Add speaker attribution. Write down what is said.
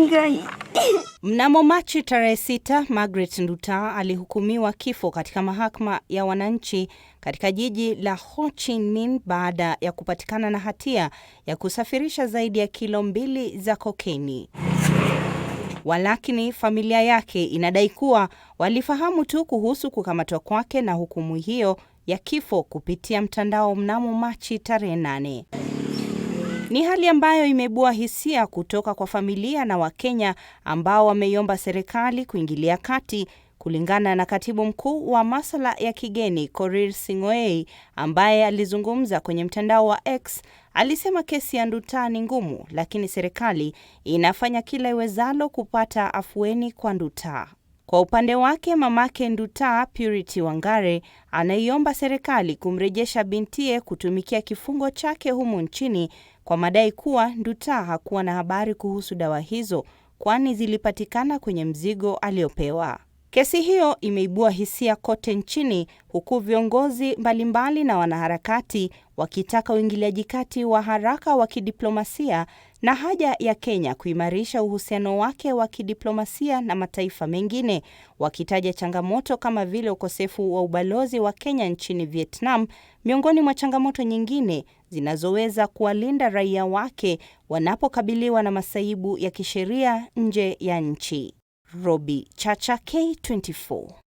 Speaker 1: Ngai. Mnamo Machi tarehe sita, Margaret Nduta alihukumiwa kifo katika mahakama ya wananchi katika jiji la Ho Chi Minh baada ya kupatikana na hatia ya kusafirisha zaidi ya kilo mbili za kokeni. Walakini, familia yake inadai kuwa walifahamu tu kuhusu kukamatwa kwake na hukumu hiyo ya kifo kupitia mtandao mnamo Machi tarehe nane. Ni hali ambayo imebua hisia kutoka kwa familia na Wakenya ambao wameiomba serikali kuingilia kati. Kulingana na katibu mkuu wa masuala ya kigeni Korir Sing'oei, ambaye alizungumza kwenye mtandao wa X, alisema kesi ya Nduta ni ngumu, lakini serikali inafanya kila iwezalo kupata afueni kwa Nduta. Kwa upande wake, mamake Nduta, Purity Wangare, anaiomba serikali kumrejesha bintie kutumikia kifungo chake humu nchini kwa madai kuwa Nduta hakuwa na habari kuhusu dawa hizo kwani zilipatikana kwenye mzigo aliopewa. Kesi hiyo imeibua hisia kote nchini huku viongozi mbalimbali na wanaharakati wakitaka uingiliaji kati wa haraka wa kidiplomasia na haja ya Kenya kuimarisha uhusiano wake wa kidiplomasia na mataifa mengine, wakitaja changamoto kama vile ukosefu wa ubalozi wa Kenya nchini Vietnam, miongoni mwa changamoto nyingine zinazoweza kuwalinda raia wake wanapokabiliwa na masaibu ya kisheria nje ya nchi.
Speaker 2: Robi Chacha, K24.